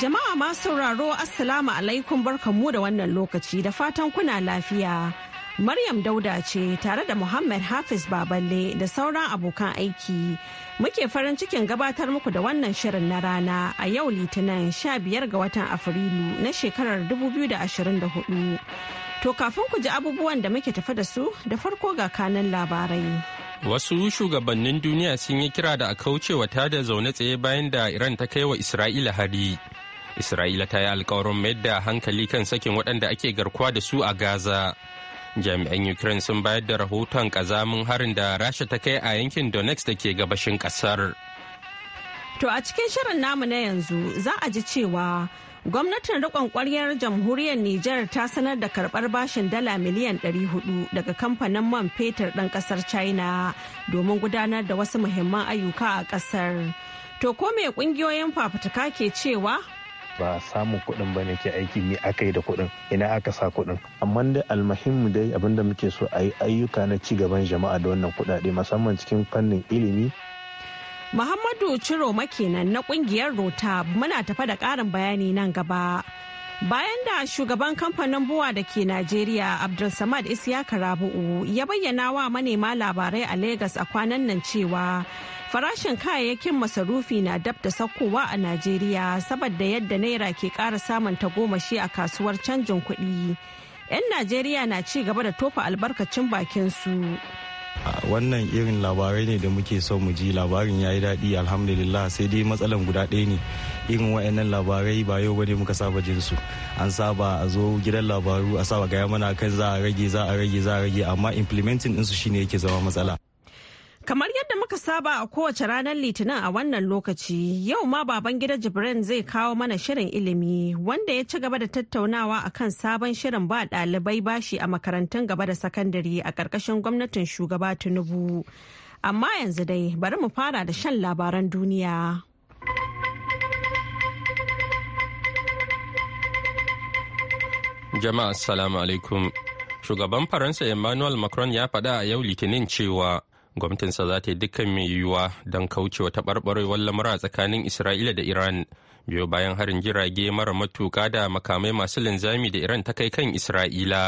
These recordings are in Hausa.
Jama'a ma sauraro Assalamu alaikum barkanmu da wannan lokaci da fatan kuna lafiya. Maryam Dauda ce tare da Muhammad Hafiz Baballe da sauran abokan aiki. Muke farin cikin gabatar muku da wannan shirin na rana a yau Litinin 15 ga watan Afrilu na shekarar 2024. To kafin ku ji abubuwan da muke tafi da su da farko ga kanan labarai. Wasu shugabannin duniya sun yi kira da a kaucewa tada zaune tsaye bayan da Iran ta kai wa Isra'ila hari. Isra'ila ta yi alkawarin mayar da hankali kan sakin waɗanda ake garkuwa da su a Gaza. Jami'an Ukraine sun bayar da rahoton ƙazamin harin da Rasha ta kai a yankin Donetsk da ke gabashin ƙasar. To a cikin shirin namu na yanzu za a ji cewa gwamnatin riƙon ƙwaryar jamhuriyar Nijar ta sanar da karɓar bashin dala miliyan 400 daga kamfanin man fetur ɗan ƙasar China domin gudanar da wasu muhimman ayyuka a ƙasar. To ko mai ƙungiyoyin fafutuka ke cewa ba samun kuɗin ba ne ke aiki ne aka yi da kuɗin ina aka sa kuɗin amma dai almahimmu dai abinda muke so a yi ayyuka na ci gaban jama'a da wannan kuɗaɗe musamman cikin fannin ilimi Muhammadu Ciro makenan na kungiyar Rota muna tafa da ƙarin bayani nan gaba. Bayan da shugaban kamfanin buwa da ke Najeriya Abdulsamad isyaka Rabu'u ya bayyana wa manema labarai a Legas a kwanan nan cewa farashin kayayyakin masarufi na dab da sakkowa a Najeriya saboda yadda naira ke ƙara samun tagomashi a kasuwar canjin kuɗi. 'Yan Najeriya na ci gaba da tofa albarkacin bakinsu. su. wannan irin labarai ne da muke so mu ji labarin ya yi daɗi alhamdulillah sai dai matsalan guda ɗaya ne irin wa'annan labarai ba yau bane muka saba jin su an saba a zo gidan labaru a saba gaya mana kan za a rage za a rage za a rage amma implementing ɗinsu shine yake zama matsala Kamar yadda muka saba a kowace ranar Litinin a wannan lokaci, yau ma baban gida Jibrin zai kawo mana shirin ilimi wanda ya ci gaba da tattaunawa a kan sabon shirin ba ɗalibai bashi a makarantun gaba da sakandare a ƙarƙashin gwamnatin shugaba Tinubu. Amma yanzu dai bari mu fara da shan labaran duniya. Jama'a Assalamu alaikum. Shugaban Faransa Emmanuel Macron ya faɗa a yau Litinin cewa gwamnatinsa za ta yi dukkan mai yiwuwa don kaucewa taɓarɓarewar lamura tsakanin isra'ila da iran biyo bayan harin jirage mara matuka da makamai masu linzami da iran ta kai kan isra'ila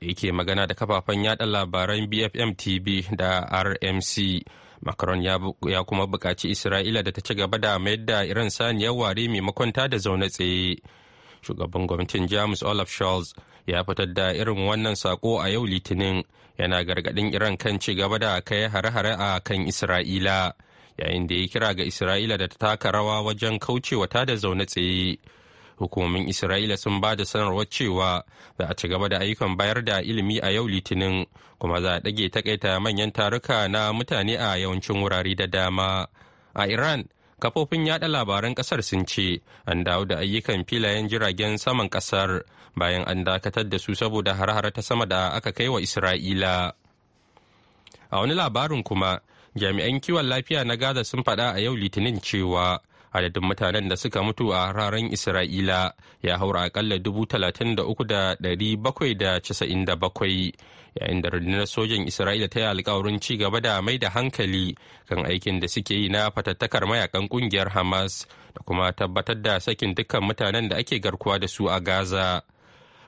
da yake magana da kafafen yada labaran bfm tv da rmc macron ya kuma buƙaci isra'ila da ta ci gaba da mayar da iran saniyar ware maimakon ta da zaune tsaye shugaban gwamnatin jamus olaf scholz ya fitar da irin wannan sako a yau litinin yana gargaɗin iran kan ci gaba da kai hare-hare a kan isra'ila yayin da ya kira ga isra'ila da ta taka rawa wajen kaucewa ta da zaune tsaye hukumomin isra'ila sun ba da sanarwar cewa za a ci gaba da ayyukan bayar da ilimi a yau litinin kuma za a ɗage takaita manyan taruka na mutane a yawancin wurare da dama a iran kafofin yada labaran kasar sun ce an dawo da ayyukan filayen jiragen saman kasar bayan an dakatar da su saboda har-har ta sama da aka kai wa isra'ila a wani labarin kuma jami'an kiwon lafiya na gaza sun faɗa a yau litinin cewa adadin mutanen da suka mutu a hararen isra'ila ya haura akalla dubu talatin da uku da dari bakwai da casa'in da bakwai yayin da rundunar sojan isra'ila ta yi alkawarin ci gaba da mai da hankali kan aikin da suke yi na fatattakar mayakan kungiyar hamas da kuma tabbatar da sakin dukkan mutanen da ake garkuwa da su a gaza.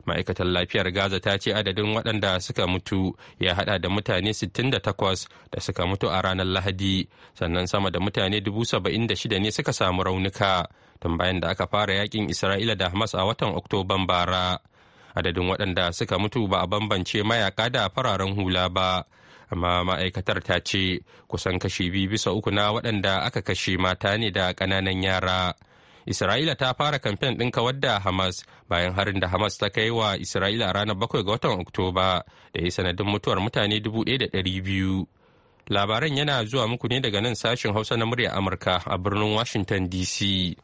ma'aikatar lafiyar gaza ta ce adadin waɗanda suka mutu ya hada da mutane 68 da suka mutu a ranar lahadi sannan sama da mutane 76 ne suka samu raunuka tun bayan da aka fara yakin isra'ila da hamas a watan oktoban bara adadin waɗanda suka mutu ba a bambance mayaka da fararen hula ba amma ma'aikatar ta ce kusan kashi biyu bisa uku na waɗanda aka kashe mata ne da ƙananan yara. Isra'ila ta fara kamfen ɗin kawar da Hamas bayan harin da Hamas ta kai wa Isra'ila ranar bakwai ga watan Oktoba da ya sanadin mutuwar mutane dubu ɗaya da ɗari biyu. Labaran yana zuwa muku ne daga nan sashen Hausa na murya Amurka a birnin Washington DC.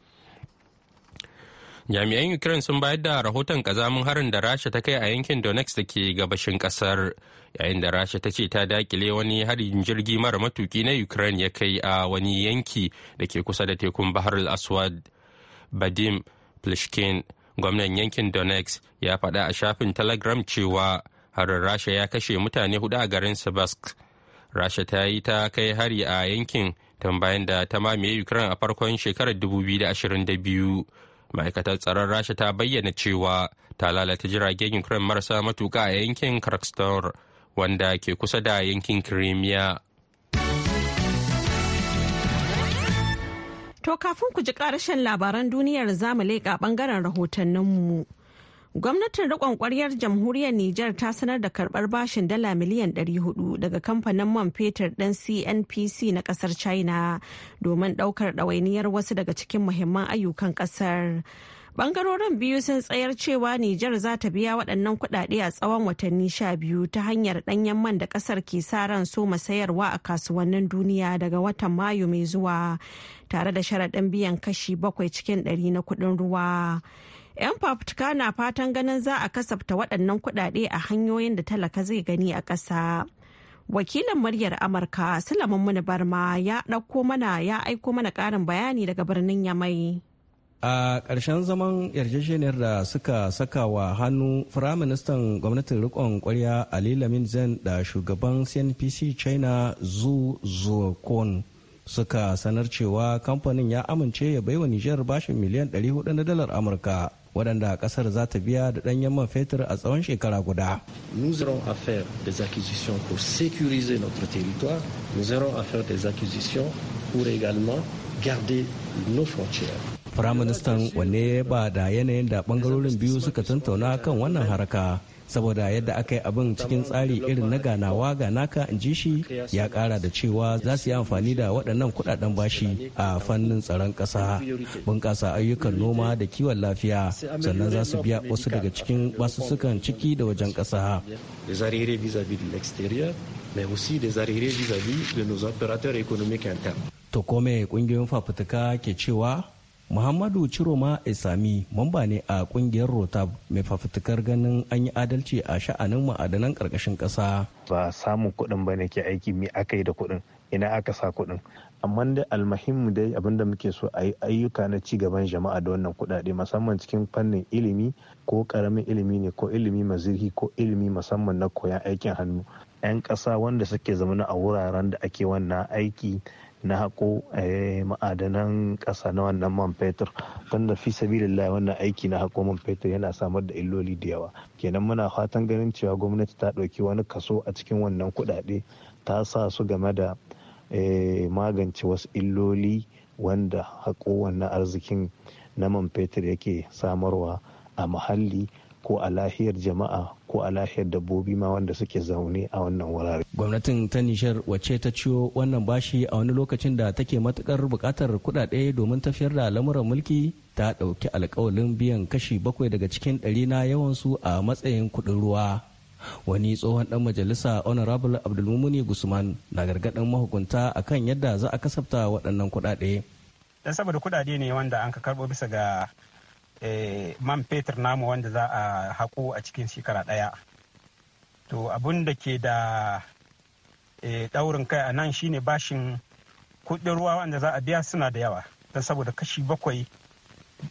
Jami'an Ukraine sun bayar da rahoton kazamin harin da Rasha ta kai a yankin Donetsk da ke gabashin kasar, yayin da Rasha ta ce ta dakile wani harin jirgi mara matuki na Ukraine ya kai a wani yanki da ke kusa da tekun Bahar al-Aswad. badim plishkin gwamnan yankin donetsk ya faɗa a shafin telegram cewa harin rasha ya kashe mutane hudu a garin sebask rasha ta yi ta kai hari a yankin tun bayan da ta mamaye ukraine a farkon shekarar 2022 ma'aikatar tsaron rasha ta bayyana cewa ta lalata jiragen ukraine marasa matuka a yankin kharkov wanda ke kusa da yankin crimea To kafin ku ji karashen labaran duniyar zamu leƙa ɓangaren rahotanninmu. Gwamnatin riƙon ƙwaryar jamhuriyar Nijar ta sanar da karɓar bashin dala miliyan 400 daga kamfanin man fetur ɗin CNPC na ƙasar China domin ɗaukar ɗawainiyar wasu daga cikin muhimman ayyukan ƙasar. Bangarorin biyu sun tsayar cewa Nijar za ta biya waɗannan kuɗaɗe a tsawon watanni sha biyu ta hanyar ɗanyen man da ƙasar ke sa ran so sayarwa a kasuwannin duniya daga watan Mayu mai zuwa tare da sharaɗin biyan kashi bakwai cikin ɗari na kuɗin ruwa. 'Yan fafutuka na fatan ganin za a kasafta waɗannan kuɗaɗe a hanyoyin da talaka zai gani a ƙasa. Wakilin muryar Amurka Sulaiman Muni Barma ya ɗauko mana ya aiko mana ƙarin bayani daga birnin Yamai. a ƙarshen zaman yarjejeniyar da suka saka wa hannu firaministan gwamnatin riƙon kwarya ali lamin zen da shugaban cnpc china Zhu Zhuokun suka sanar cewa kamfanin ya amince ya baiwa Nijar bashin miliyan 400 na dalar Amurka waɗanda ƙasar za ta biya da ɗanyen man fetur a tsawon shekara guda. Nous allons à des acquisitions pour sécuriser notre territoire. Nous allons à des acquisitions pour également garder nos frontières. Firaministan wanne ba da yanayin da ɓangarorin biyu suka tantauna kan wannan haraka. saboda yadda aka yi abin cikin tsari irin na ganawa ga naka in ji shi ya kara da cewa za su yi amfani da waɗannan kuɗaɗen bashi a fannin tsaron ƙasa bunƙasa ayyukan noma da kiwon lafiya sannan za su biya wasu daga cikin basussukan ciki da wajen ƙasa To kome kungiyoyin fafutuka ke cewa Muhammadu Ciroma Isami mamba ne a kungiyar Rotab mai fafutukar ganin an yi adalci a sha'anin ma'adanan karkashin kasa. Ba samun kuɗin ba ke aiki mai aka yi da kuɗin ina aka sa kuɗin. Amma da almahimmu dai abinda muke so a yi ayyuka na ci gaban jama'a da wannan kuɗaɗe musamman cikin fannin ilimi ko karamin ilimi ne ko ilimi mazirhi ko ilimi musamman na koyan aikin hannu. 'Yan ƙasa wanda suke zamana a wuraren da ake wannan aiki na haƙo eh, ma'adanan ƙasa na wannan man fetur don da fi sabilillah wannan aiki na haƙo man fetur yana samar da illoli da yawa kenan muna fatan ganin cewa gwamnati ta ɗauki wani kaso a cikin wannan kuɗaɗe ta sa su game da eh, magance wasu illoli wanda haƙo wannan arzikin na man fetur yake samarwa a muhalli ko a lahiyar jama'a ko a lahiyar dabbobi ma wanda suke zaune a wannan wurare. Gwamnatin ta Nishar wacce ta ciyo wannan bashi a wani lokacin da take matukar bukatar kuɗaɗe domin tafiyar da lamuran mulki ta ɗauki alkawalin biyan kashi bakwai daga cikin ɗari na yawansu a matsayin kuɗin ruwa. Wani tsohon ɗan majalisa Honorable Abdulmumuni Gusman na gargaɗin mahukunta akan yadda za a kasafta waɗannan kuɗaɗe. Dan saboda kuɗaɗe ne wanda an ka karɓo bisa ga Eh, man fetur namu wanda za a haƙo a cikin shekara ɗaya to abin da ke da eh, ɗaurin kai a nan shine bashin kuɗin ruwa wanda za a biya suna da yawa don saboda kashi bakwai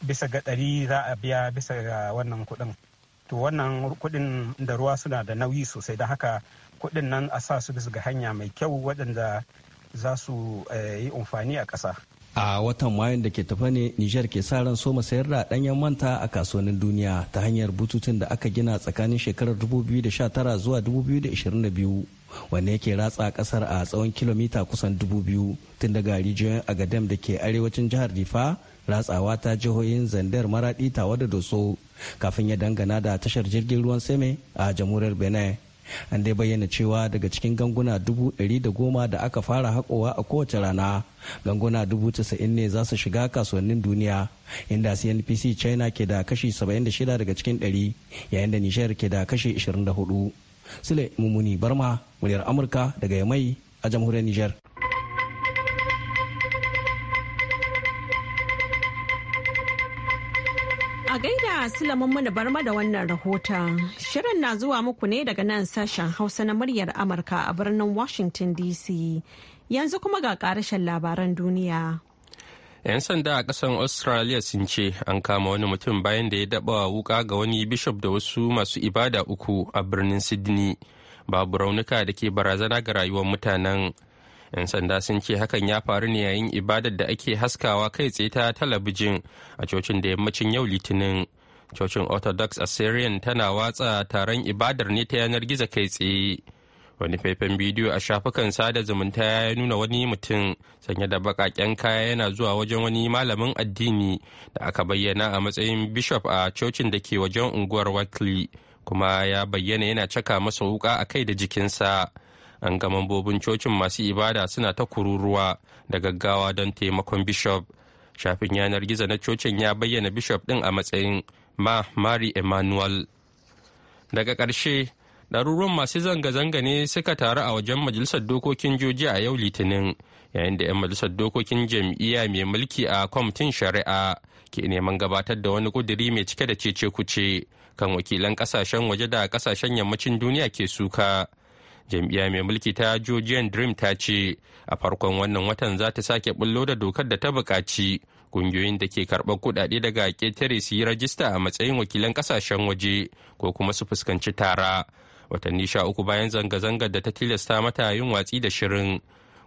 bisa ga ɗari za a biya bisa ga wannan kuɗin to wannan kuɗin da ruwa suna da nauyi sosai don haka kuɗin nan a sa su bisa ga hanya mai kyau waɗanda za su eh, yi amfani a ƙasa. a watan mayun da ke tafa ne nijar ke sa ran soma sayar da ɗanyen manta a kasuwannin duniya ta hanyar bututun da aka gina tsakanin shekarar 2019 zuwa 2022 wanne yake ratsa kasar a tsawon kilomita kusan 2000 tun daga rijiyoyin agadam da ke arewacin jihar difa ratsawa ta jihohin zandar maraɗi tawa da doso kafin ya dangana da tashar jirgin ruwan seme a jamhuriyar benin an dai bayyana cewa daga cikin ganguna dubu ɗari da goma da aka fara haƙowa a kowace rana ganguna dubu casa'in ne za su shiga kasuwannin duniya inda cnpc china ke da kashi 76 daga cikin ɗari yayin da nishiyar ke da kashi 24 sule mumuni barma muryar amurka daga yamai a jamhuriyar nijar gaida Sulaiman mana barma da wannan rahoton. Shirin na zuwa muku ne daga nan sashen Hausa na muryar Amurka a birnin Washington DC. Yanzu kuma ga karashen labaran duniya. 'Yan sanda a kasan Australia sun ce an kama wani mutum bayan da ya daba wuka ga wani bishop da wasu masu ibada uku a birnin Sydney. Babu raunuka da ke barazana ga rayuwar mutanen. 'yan sanda sun ce hakan ya faru ne yayin ibadar da ake haskawa kai tsaye ta talabijin a cocin da yammacin yau litinin cocin orthodox Assyrian tana watsa taron ibadar ne ta yanar gizo kai tsaye wani faifan bidiyo a shafukan sada zumunta ya nuna wani mutum sanye da bakaken kaya yana zuwa wajen wani malamin addini da aka bayyana a matsayin bishop a cocin da ke wajen unguwar wakili kuma ya bayyana yana caka masa wuka a kai da jikinsa an ga mambobin cocin masu ibada suna ta kururuwa da gaggawa don taimakon bishop shafin yanar gizo na cocin ya bayyana bishop din a matsayin ma mari emmanuel daga ƙarshe ɗaruruwan masu zanga-zanga ne suka taru a wajen majalisar dokokin joji a yau litinin yayin da 'yan majalisar dokokin jam'iyya mai mulki a kwamitin shari'a ke neman gabatar da wani ƙuduri mai cike da cece kuce kan wakilan ƙasashen waje da ƙasashen yammacin duniya ke suka jam'iyya mai mulki ta georgian dream ta ce a farkon wannan watan za ta sake bullo da dokar da ta buƙaci kungiyoyin da ke karɓar kuɗaɗe daga ƙetare su yi rajista a matsayin wakilan ƙasashen waje ko kuma su fuskanci tara watanni sha uku bayan zanga-zangar da ta tilasta mata yin watsi da shirin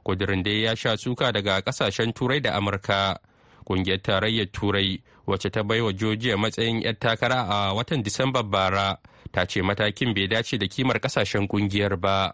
kudirin dai ya sha suka daga ƙasashen turai da amurka ƙungiyar tarayyar turai wacce ta baiwa georgia matsayin 'yar takara a watan disamba bara ta ce matakin bai dace da kimar ƙasashen ƙungiyar ba.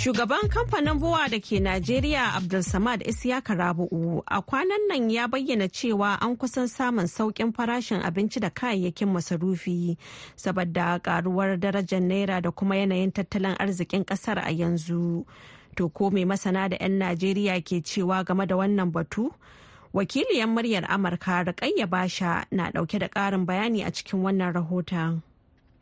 Shugaban kamfanin buwa da ke Najeriya Abdulsamad Isiyaka Rabu'u a kwanan nan ya bayyana cewa an kusan samun sauƙin farashin abinci da kayayyakin masarufi saboda karuwar darajar naira da kuma yanayin tattalin arzikin ƙasar a yanzu. To ko mai masana da 'yan Najeriya ke cewa game da wannan batu? Wakiliyar muryar Amurka Rukayya Basha na ɗauke da ƙarin bayani a cikin wannan rahoton.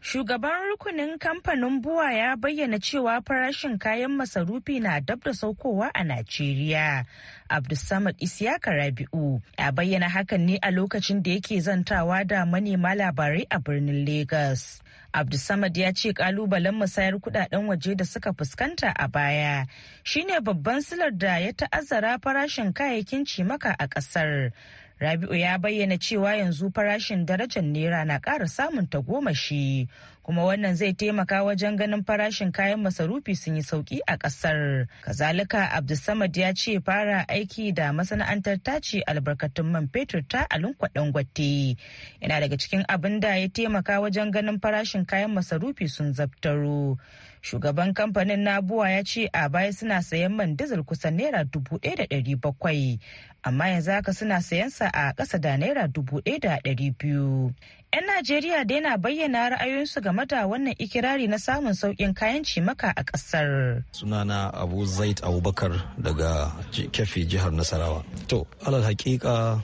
Shugaban rukunin kamfanin buwa ya bayyana cewa farashin kayan masarufi na dab da saukowa a Najeriya. Abdulsamad Isiyaka Rabi'u ya bayyana hakan ne a lokacin da yake zantawa da manema labarai a birnin Legas. Abdulsamad ya ce kalubalen musayar kudaden waje da suka fuskanta a baya shine babban silar da ya ta'azzara farashin kayayyakin cimaka a kasar. Rabi'u ya bayyana cewa yanzu farashin darajar Naira na ƙara samun ta goma shi kuma wannan zai taimaka wajen ganin farashin kayan masarufi sun yi sauki a ƙasar. Kazalika Abdulsamad ya ce fara aiki da masana'antar tace albarkatun man fetur ta alunkwaɗen gwate. Yana daga cikin abin da ya taimaka wajen ganin farashin kayan masarufi sun zabtaro. shugaban kamfanin nabuwa ya ce a baya suna sayan man dizil kusan naira dubu ɗaya da ɗari bakwai amma yanzu haka suna sayan sa a ƙasa da naira dubu ɗaya da ɗari biyu 'Yan Najeriya da yana bayyana ra'ayoyinsu game da wannan ikirari na samun sauƙin kayan cimaka a ƙasar. Sunana Abu Zaid Abubakar daga Kefi jihar Nasarawa. To, alal hakika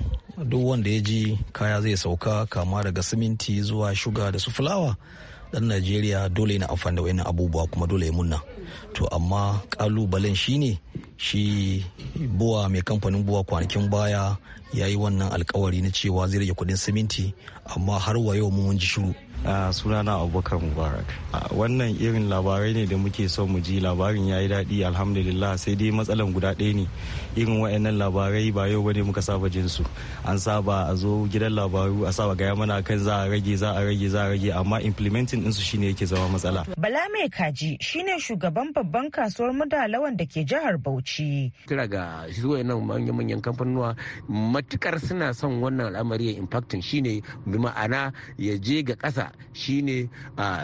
duk wanda ya ji kaya zai sauka kama daga siminti zuwa shuga da su fulawa. dan najeriya dole yana amfani da wayannan abubuwa kuma dole ya munna to amma kalubalen shine shi buwa mai kamfanin buwa kwanakin baya ya yi wannan alkawari na cewa zai rage kudin siminti amma har wa yau mun ji shiru a sunana abubakar mubarak wannan irin labarai ne da muke son mu ji labarin ya yi daɗi alhamdulillah sai dai matsalan guda ɗaya ne irin wa'annan labarai ba yau bane muka saba jinsu an saba a zo gidan labaru a saba gaya mana kan za a rage za a rage za a rage amma implementing ɗinsu shine yake zama matsala. bala mai kaji shine shugaban babban kasuwar madalawan da ke jihar bauchi. kira ga zuwa nan manya-manyan kamfanuwa matukar suna son wannan al'amari ya impacting shine bi ma'ana ya je ga ƙasa haka shine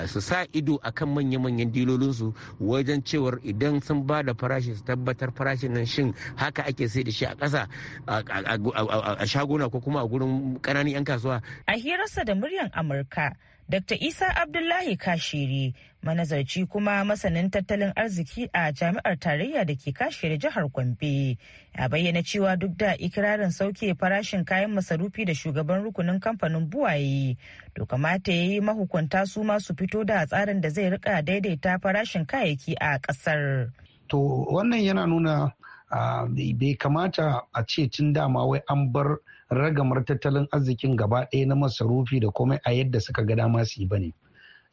su sa ido akan manya-manyan dilolinsu wajen cewar idan sun ba da farashi su tabbatar farashin nan shin haka ake sai da shi a ƙasa a shaguna ko kuma a gurin ƙananan 'yan kasuwa. A hirarsa da muryar Amurka, Dr. Isa Abdullahi Kashiri manazarci kuma masanin tattalin arziki a jami'ar tarayya da ke kashiri jihar Gombe ya bayyana cewa duk da ikirarin sauke farashin kayan masarufi da shugaban rukunin kamfanin buwaye to kamata ya yi mahukunta su ma su fito da tsarin da zai rika daidaita farashin kayayyaki a kasar. To wannan yana nuna ah, bai kamata a ce tun dama wai an bar ragamar tattalin arzikin gaba ɗaya na masarufi da komai a yadda suka ga dama su yi bane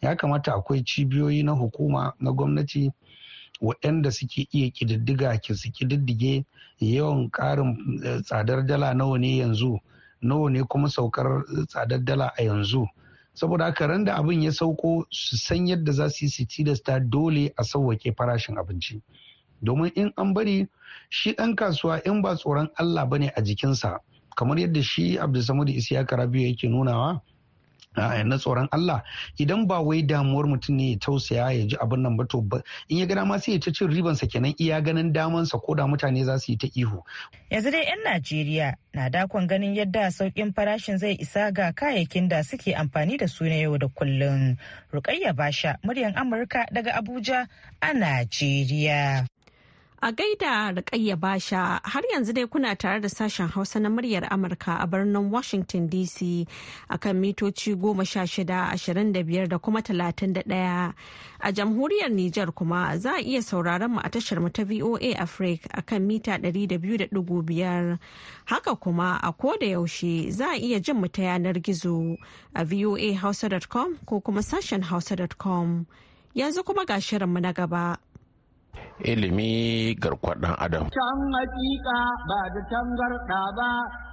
ya kamata akwai cibiyoyi na hukuma na gwamnati waɗanda suke iya ƙididdiga ki su ƙididdige yawan ƙarin eh, tsadar dala nawa ne yanzu nawa ne kuma saukar eh, tsadar dala a yanzu saboda haka ran da abin ya sauko su san yadda za su yi su tilasta dole a sauwake farashin abinci domin in an bari shi ɗan kasuwa in ba tsoron allah bane a jikinsa kamar yadda shi abdulsamud isiyaka rabiu yake nunawa na tsoron Allah idan ba wai damuwar mutum ne ya tausaya ya ji abin nan ba to in ya gana ma sai ya ta cin ribansa kenan iya ganin damansa ko da mutane za su yi ta ihu. Yanzu dai 'yan Najeriya na dakon ganin yadda sauƙin farashin zai isa ga kayayyakin da suke amfani da su na yau da kullum. Rukayya Basha, muryan Amurka daga Abuja a Najeriya. A gaida Rukayya Basha har yanzu dai kuna tare da sashen Hausa na muryar Amurka a birnin Washington DC a kan mitoci goma sha shida ashirin da biyar da kuma talatin da ɗaya. A jamhuriyar Nijar kuma za a iya sauraron mu a tashar mu ta VOA Africa a kan mita ɗari da biyu da biyar. Haka kuma a ko da yaushe za a iya jin mu ta yanar gizo a voahausa.com ko kuma sashen hausa.com. Yanzu kuma ga shirinmu na gaba. ilimi garkuwar adam. Can hakika ba da tangarɗa ba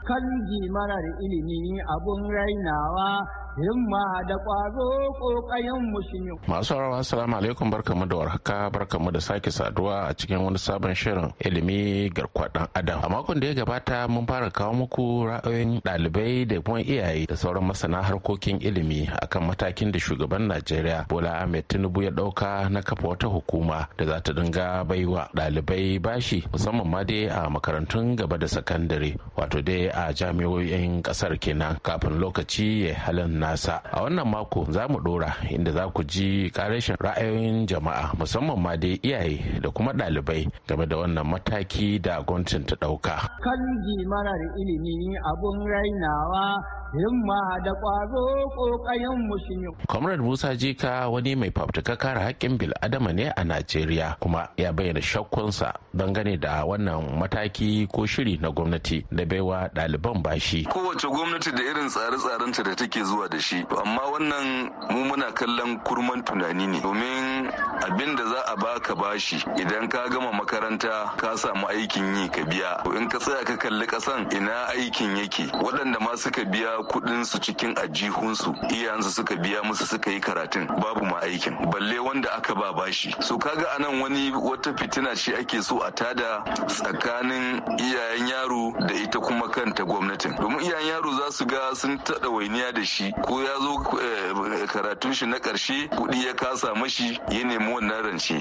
kan marar ilimi abun rainawa himma da ƙwazo ƙoƙayen mushinyo. Masu rawa assalamu alaikum barkamu da warhaka barkamu da sake saduwa a cikin wani sabon shirin ilimi garkuwa ɗan adam. A makon da ya gabata mun fara kawo muku ra'ayoyin ɗalibai da kuma iyaye da sauran masana harkokin ilimi akan matakin da shugaban Najeriya Bola Ahmed Tinubu ya ɗauka na kafa wata hukuma da za ta dinga baiwa ɗalibai bashi musamman ma dai a makarantun gaba da sakandare wato dai a jami'o'in ƙasar kenan kafin lokaci ya halin nasa a wannan mako za mu dora inda za ku ji karashin ra'ayoyin jama'a musamman ma dai iyaye da kuma ɗalibai game da wannan mataki da gwamnatin ta ɗauka. Kanji marar ilimi abun rainawa himma da ƙwazo ƙoƙayen mushini. Comrade Musa Jika wani mai fafutuka kare haƙƙin bil'adama ne a Najeriya kuma ya bayyana shakkunsa dangane da wannan mataki ko shiri na gwamnati da baiwa ɗaliban bashi. Kowace gwamnati da irin tsare-tsarenta da take zuwa da shi amma wannan mu muna kallon kurman tunani ne domin abin da za a baka bashi idan ka gama makaranta ka samu aikin yi ka biya in ka tsaya ka kalli kasan ina aikin yake waɗanda ma suka biya kuɗin su cikin ajihunsu iyayensu suka biya musu suka yi karatun babu ma aikin balle wanda aka ba bashi so kaga anan wani wata fitina ce ake so a tada tsakanin iyayen yaro da ita kuma kanta gwamnatin domin iyayen yaro za su ga sun taɗa wainiya da shi ko ya zo eh, karatun shi na ƙarshe kuɗi ya kasa mashi ya nemi wannan rance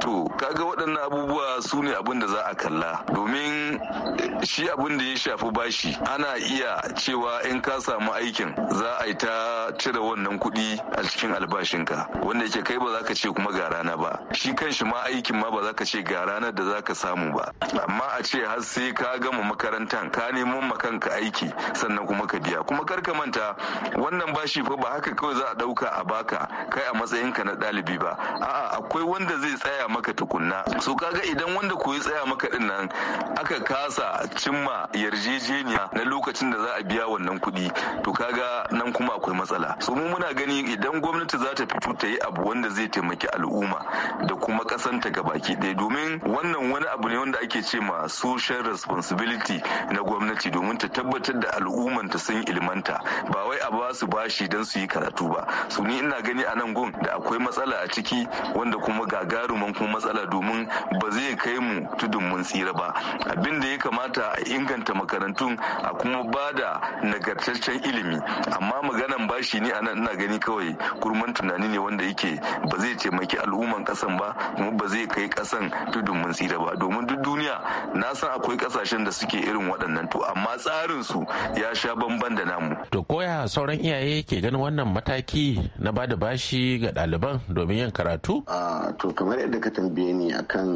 to kaga waɗannan abubuwa su ne abin da za a kalla domin shi abin da ya shafi bashi ana iya cewa in ka samu aikin za a yi ta cire wannan kuɗi a cikin albashinka wanda yake kai ba za ka ce kuma ga rana ba shi kanshi ma aikin ma ba za ka ce ga ranar da za ka samu ba amma a ce har sai ka gama makarantar ka nemo makanka aiki sannan kuma ka biya kuma kar ka manta wannan bashi fa ba haka kawai za a ɗauka a baka kai a matsayinka na ɗalibi ba a'a akwai wanda zai tsaya maka tukunna so kaga idan wanda ko tsaya maka din nan aka kasa cimma yarjejeniya na lokacin da za a biya wannan kuɗi to kaga nan kuma akwai matsala so mu muna gani idan gwamnati za ta fito ta yi abu wanda zai taimaki al'umma da kuma kasanta gabaki ɗaya domin wannan wani abu ne wanda ake ce ma social responsibility na gwamnati domin ta tabbatar da al'umman ta sun ilmanta ba wai a ba su bashi don su yi karatu ba su ni ina gani a nan gun da akwai matsala a ciki wanda kuma gagaruman kuma matsala domin ba zai kai mu tudun mun tsira ba abin da ya kamata a inganta makarantun a kuma ba da nagartaccen ilimi amma maganan bashi ne anan ina gani kawai kurman tunani ne wanda yake ba zai taimaki al'umman kasan ba kuma ba zai kai kasan tudun mun tsira ba domin duk duniya na san akwai kasashen da suke irin waɗannan to amma tsarin su ya sha bamban da namu to koya sauran iyaye ke ganin wannan mataki na bada bashi ga ɗaliban domin yin karatu karatu? to kamar yadda ka tambaye ni akan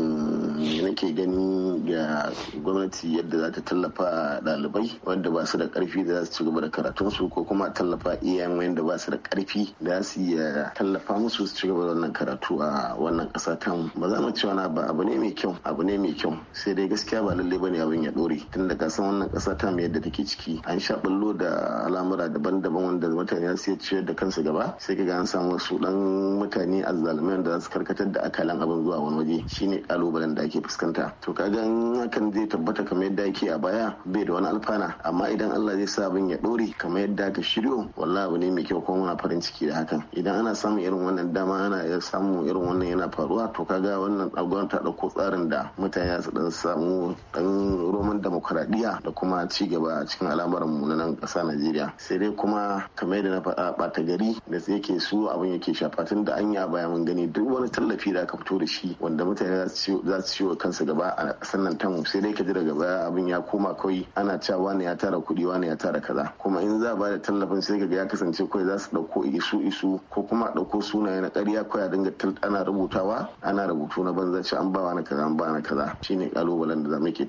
nake gani ga gwamnati yadda za ta tallafa ɗalibai wanda ba su da karfi da za su ci gaba da su ko kuma tallafa iyayen wanda ba su da karfi da su ya tallafa musu su ci gaba da wannan karatu a wannan kasa ta ba za mu ci na ba abu ne mai kyau abu ne mai kyau sai dai gaskiya ba lallai bane abin ya dore tun da kasan wannan kasa ta mu yadda take ciki an sha ballo da al'amura daban-daban wanda mutane su ya ciyar da kansu gaba sai ka ga an samu wasu dan mutane azzalumi. musulmai da za su karkatar da akalan abin zuwa wani waje shine kalubalen da ake fuskanta to kaga hakan zai tabbata kamar yadda ake a baya bai da wani alfana amma idan Allah zai sa abin ya dore kamar yadda aka shiryo wallahi abu ne mai kyau kuma muna farin ciki da hakan idan ana samun irin wannan dama ana samun irin wannan yana faruwa to kaga wannan agwan ta dauko tsarin da mutane su dan samu dan roman demokradiya da kuma ci gaba a cikin al'amuran mu na nan kasa Najeriya sai dai kuma kamar yadda na faɗa ɓata gari da yake su abin yake shafa tun da an yi a baya mun gani gani duk wani tallafi da aka fito da shi wanda mutane za su ciwo kansa gaba a sannan tamu sai dai ka ji daga baya abin ya koma kawai ana cewa wani ya tara kuɗi wani ya tara kaza kuma in za a ba da tallafin sai ka ga ya kasance kawai za su ɗauko isu isu ko kuma ɗauko sunaye na ƙarya kawai a dinga ana rubutawa ana rubutu na banza ce an bawa na kaza an ba na kaza shine kalubalen da zamu ke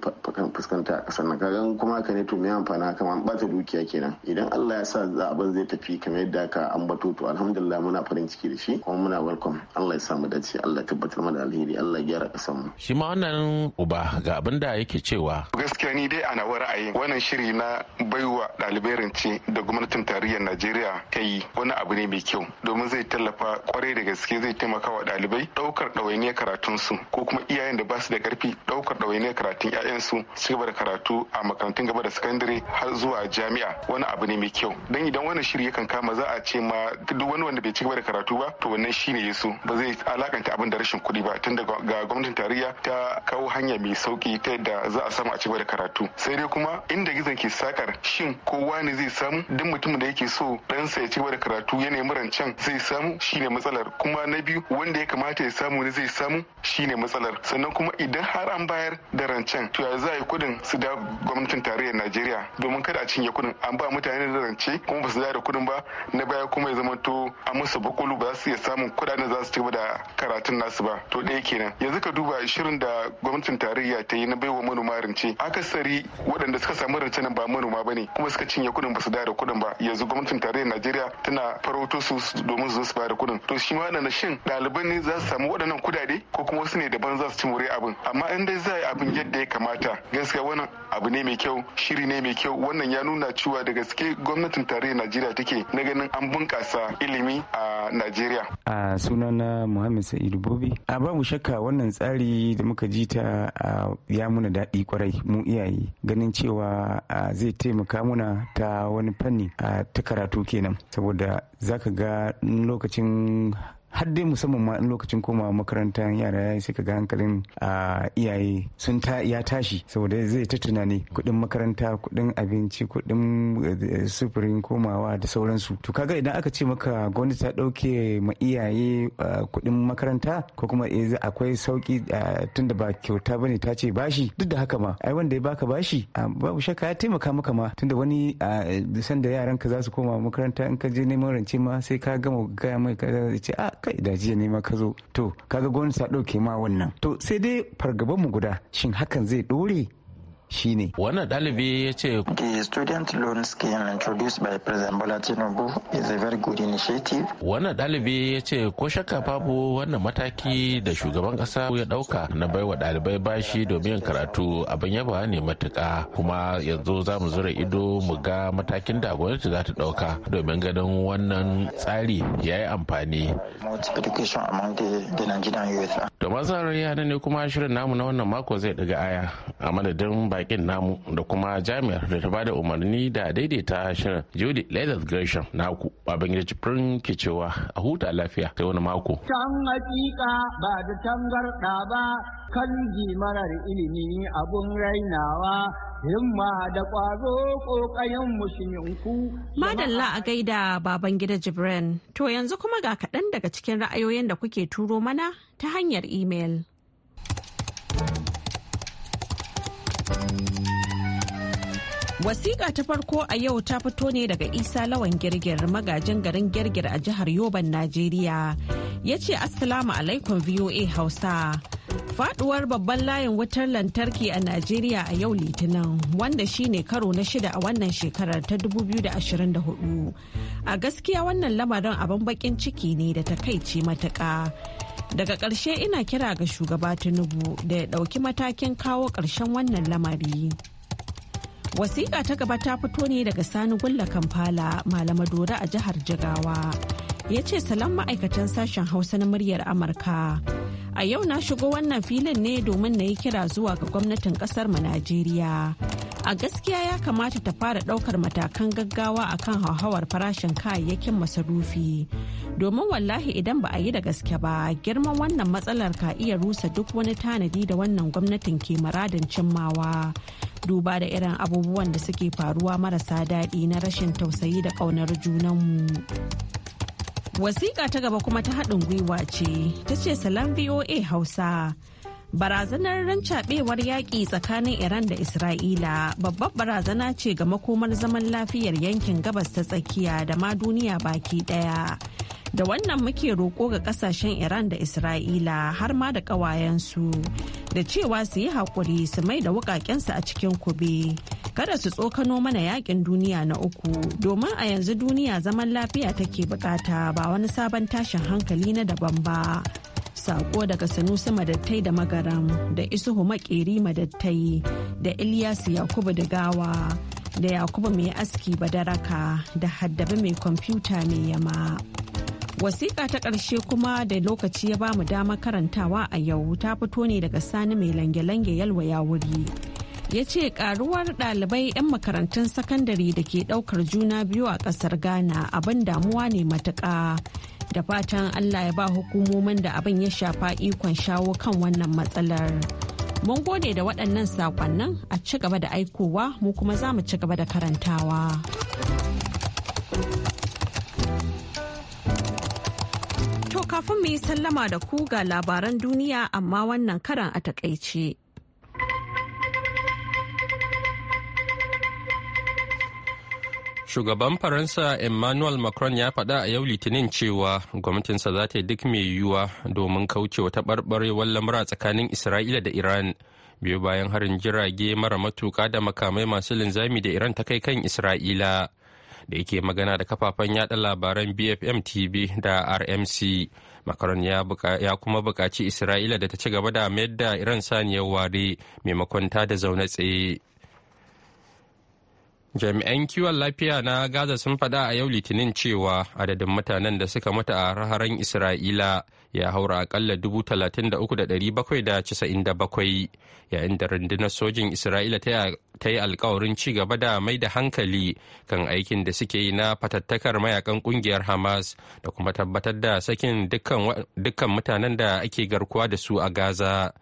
fuskanta a ƙasar nan kaga kuma ka ne to me amfana kaman an bata dukiya kenan idan Allah ya sa za abin zai tafi kamar yadda aka ambato to alhamdulillah muna farin ciki da shi kuma muna welcome Allah ya samu dace Allah ya tabbatar mana alheri Allah ya gyara kasan mu shi ma wannan uba ga abin da yake cewa gaskiya ni dai ana a ra'ayin wannan shiri na baiwa ɗalibai rance da gwamnatin tarayyar Najeriya ta yi wani abu ne mai kyau domin zai tallafa kwarai da gaske zai taimaka wa ɗalibai ɗaukar ɗawainiyar su? ko kuma iyayen da ba su da karfi ɗaukar ɗawainiyar karatun 'ya'yansu su gaba da karatu a makarantun gaba da sakandare har zuwa jami'a wani abu ne mai kyau dan idan wannan shiri yakan kama za a ce ma duk wani wanda bai ci gaba da karatu ba to wannan shine ya so ba zai alakanta abin da rashin kuɗi ba tunda ga gwamnatin tarayya ta kawo hanya mai sauki ta yadda za a samu a cigaba da karatu sai dai kuma inda gizon ke sakar shin kowa ne zai samu duk mutumin da yake so ɗansa ya cigaba da karatu yana rancen zai samu shine matsalar kuma na biyu wanda ya kamata ya samu ne zai samu shine matsalar sannan kuma idan har an bayar da rancen to ya za a yi kuɗin su da gwamnatin tarayyar najeriya domin kada a cinye kuɗin an ba mutane da rance kuma ba su da kuɗin ba na baya kuma ya zama to a musu bakulu ba za su iya samun kuɗaɗen za su ci gaba da karatun nasu ba to ɗaya kenan yanzu ka duba shirin da gwamnatin tarayya ta yi na baiwa manoma rance akasari waɗanda suka samu rancen ba manoma ba ne kuma suka cinye kuɗin ba su da kuɗin ba yanzu gwamnatin tarayyar najeriya tana farauto su domin su su ba da kuɗin to shi ma waɗannan shin ɗaliban ne za su samu waɗannan kuɗaɗe ko kuma wasu ne daban za su ci more abin amma in dai za a yi abin yadda ya kamata gaskiya wannan abu ne mai kyau shiri ne mai kyau wannan ya nuna cewa da gaske gwamnatin tarayyar najeriya take na ganin an bunƙasa ilimi a najeriya a sunan sunana muhammad sa'idu bobi a babu shakka wannan tsari da muka ji ta ya muna daɗi kwarai mu iyaye ganin cewa zai taimaka muna ta wani fanni ta karatu kenan saboda zaka ga lokacin har dai musamman ma in lokacin komawa makaranta yara ya sai ga hankalin a iyaye sun ta ya tashi saboda zai ta tunani kuɗin makaranta kuɗin abinci kuɗin eh, sufurin komawa da sauransu to kaga idan aka ce maka gwamnati ta dauke ma iyaye kuɗin makaranta ko kuma eh, akwai sauki tunda ba kyauta bane ta ce bashi duk da haka ma ai wanda ya baka bashi babu shakka ya taimaka maka ma tunda wani sanda yaran ka za su koma makaranta in ka je neman rance ma sai ka gama gaya mai ka ce a ah, kai da jiya ne ma ka zo to kaga gwamnati ta dauke ma wannan to sai dai fargaban mu guda shin hakan zai dore. shine wannan dalibi ya ce the student loan scheme introduced by president bola tinubu is a very good initiative wannan ɗalibi ya ce ko shakka babu wannan mataki da shugaban kasa ya ɗauka na baiwa ɗalibai bashi domin karatu abin yaba ne matuka kuma yanzu za mu zura ido mu ga matakin da gwamnati za ta ɗauka domin ganin wannan tsari ya yi amfani to mazan yana ne kuma shirin namu na wannan mako zai daga aya a madadin bakin namu da kuma jami'ar da ta bada umarni da daidaita shirin Judy Leathers Gresham naku Babangida Jibrin ke cewa a huta lafiya sai wani mako. Can hakika ba da tangarɗa ba kan marar ilimi abun rainawa himma da ƙwazo ƙoƙayen ku. Madalla a gaida baban gida Jibrin, to yanzu kuma ga kaɗan daga cikin ra'ayoyin da kuke turo mana ta hanyar imel. Wasiƙa ta farko a yau ta fito ne daga Isa Lawan Girgir magajin garin Girgir a jihar Yoban, Najeriya. Ya ce Assalamu alaikum VOA Hausa. Faduwar babban layin wutar lantarki a Najeriya a yau Litinin wanda shi ne karo na shida a wannan shekarar ta 2024. A gaskiya wannan lamarin abin bakin ciki ne da takaici matuƙa. daga ƙarshe ina kira ga shugaba tinubu da ya ɗauki matakin kawo ƙarshen wannan lamari wasiƙa ta gaba ta fito ne daga sani gulla kamfala malama dora a jihar jigawa ya ce salon ma'aikatan sashen hausa na muryar amurka a yau na shigo wannan filin ne domin na yi kira zuwa ga gwamnatin ƙasar mu najeriya a gaskiya ya kamata ta fara ɗaukar matakan gaggawa akan hauhawar farashin kayayyakin masarufi domin wallahi idan ba a yi da gaske ba girman wannan matsalar ka iya rusa duk wani tanadi da wannan gwamnatin ke maradin cimmawa duba da irin abubuwan da suke faruwa marasa daɗi na rashin tausayi da ƙaunar junanmu wasiƙa ta gaba kuma ta haɗin gwiwa ce ta ce salam voa hausa barazanar rancaɓewar yaƙi tsakanin iran da isra'ila babbar barazana ce ga makomar zaman lafiyar yankin gabas ta tsakiya da ma duniya baki ɗaya da wannan muke roƙo ga kasashen iran da isra'ila har ma da ƙawayensu da cewa su yi haƙuri su mai da wuƙaƙensu a cikin kube kada su tsokano mana yakin duniya na uku domin a yanzu duniya zaman lafiya take bukata ba wani sabon tashin hankali na daban ba sako daga sanusi madattai da magaram da isuhu makeri madattai da ilyasu yakubu da gawa da yakubu mai aski badaraka da haddabi mai kwamfuta mai yama. Wasiƙa ta ƙarshe kuma da lokaci ya bamu dama karantawa a yau ta fito ne daga sani mai lange-lange yalwa ya wuri. Ya ce karuwar ɗalibai 'yan makarantun sakandare da ke ɗaukar juna biyu a ƙasar Ghana abin damuwa ne matuƙa. Da fatan Allah ya ba hukumomin da abin ya shafa ikon shawo kan wannan matsalar. Mun gode da waɗannan saƙonnin a ci gaba da aikowa mu kuma za mu ci gaba da karantawa. kafin mu yi sallama da ku ga labaran duniya amma wannan karan a takaice. Shugaban Faransa Emmanuel Macron ya faɗa a yau Litinin cewa gwamnatinsa za ta yi duk mai yiwuwa domin kauce wata taɓarɓarewar lamura tsakanin Isra'ila da Iran. Biyu bayan harin jirage mara matuƙa da makamai masu linzami da Iran ta kai kan Isra'ila. da yake magana da kafafen yada labaran bfm tv da rmc macron ya kuma bukaci isra'ila da ta ci gaba da mayar da iran saniyar ware maimakon ta da zaune tsaye jami'an kiwon lafiya na gaza sun faɗa a yau litinin cewa adadin mutanen da suka mutu a raharan isra'ila ya haura akalla 33,797 yayin da rundunar sojin isra'ila ta yi alkawarin ci gaba da mai da hankali kan aikin da suke yi na fatattakar mayakan kungiyar hamas da kuma tabbatar da sakin dukkan mutanen da ake garkuwa da su a gaza.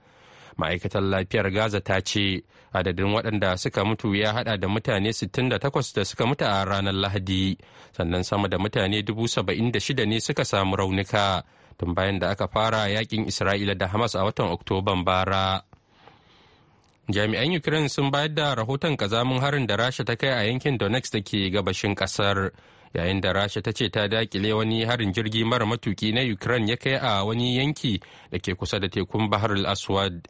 ma'aikatar lafiyar gaza ta ce adadin waɗanda suka mutu ya hada da mutane 68 da suka mutu a ranar lahadi sannan sama da mutane 76 ne suka samu raunuka tun bayan da aka fara yakin isra'ila da hamas a watan oktoban bara jami'an ukraine sun bayar da rahoton kazamin harin da rasha ta kai a yankin donetsk da ke gabashin kasar yayin da rasha ta ce ta dakile wani harin jirgi mara matuki na ukraine ya kai a wani yanki da ke kusa da tekun bahar al-aswad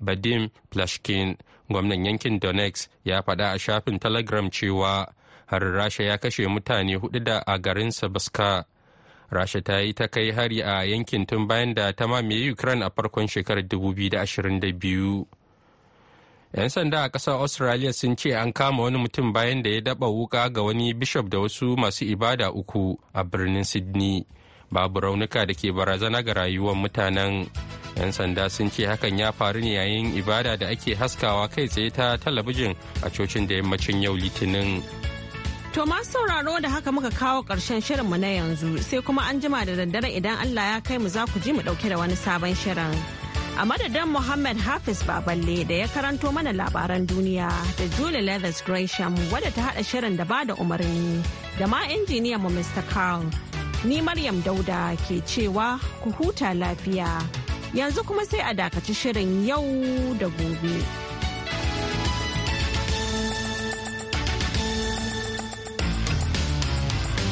badim plashkin gwamnan yankin donetsk ya faɗa a shafin telegram cewa harin rasha ya kashe mutane hudu da a garin sabaska rasha ta yi ta kai hari a yankin tun bayan da ta mamaye ukraine a farkon shekarar 2022 'yan sanda a ƙasar australia sun ce an kama wani mutum bayan da ya daba wuka ga wani bishop da wasu masu ibada uku a birnin sydney babu raunuka da ke barazana ga rayuwar mutanen 'yan sanda sun ce hakan ya faru ne yayin ibada da ake haskawa kai tsaye ta talabijin a cocin da yammacin yau litinin to masu sauraro da haka muka kawo karshen mu na yanzu sai kuma an jima da daddare idan allah ya kai mu za ku ji mu dauke da wani sabon shirin a madadin muhammad hafiz baballe da ya karanto mana labaran duniya da julie leathers gresham wadda ta hada shirin da bada umarni da ma injiniyan mu mr carl ni maryam dauda ke cewa ku huta lafiya Yanzu kuma sai a dakaci shirin yau da gobe.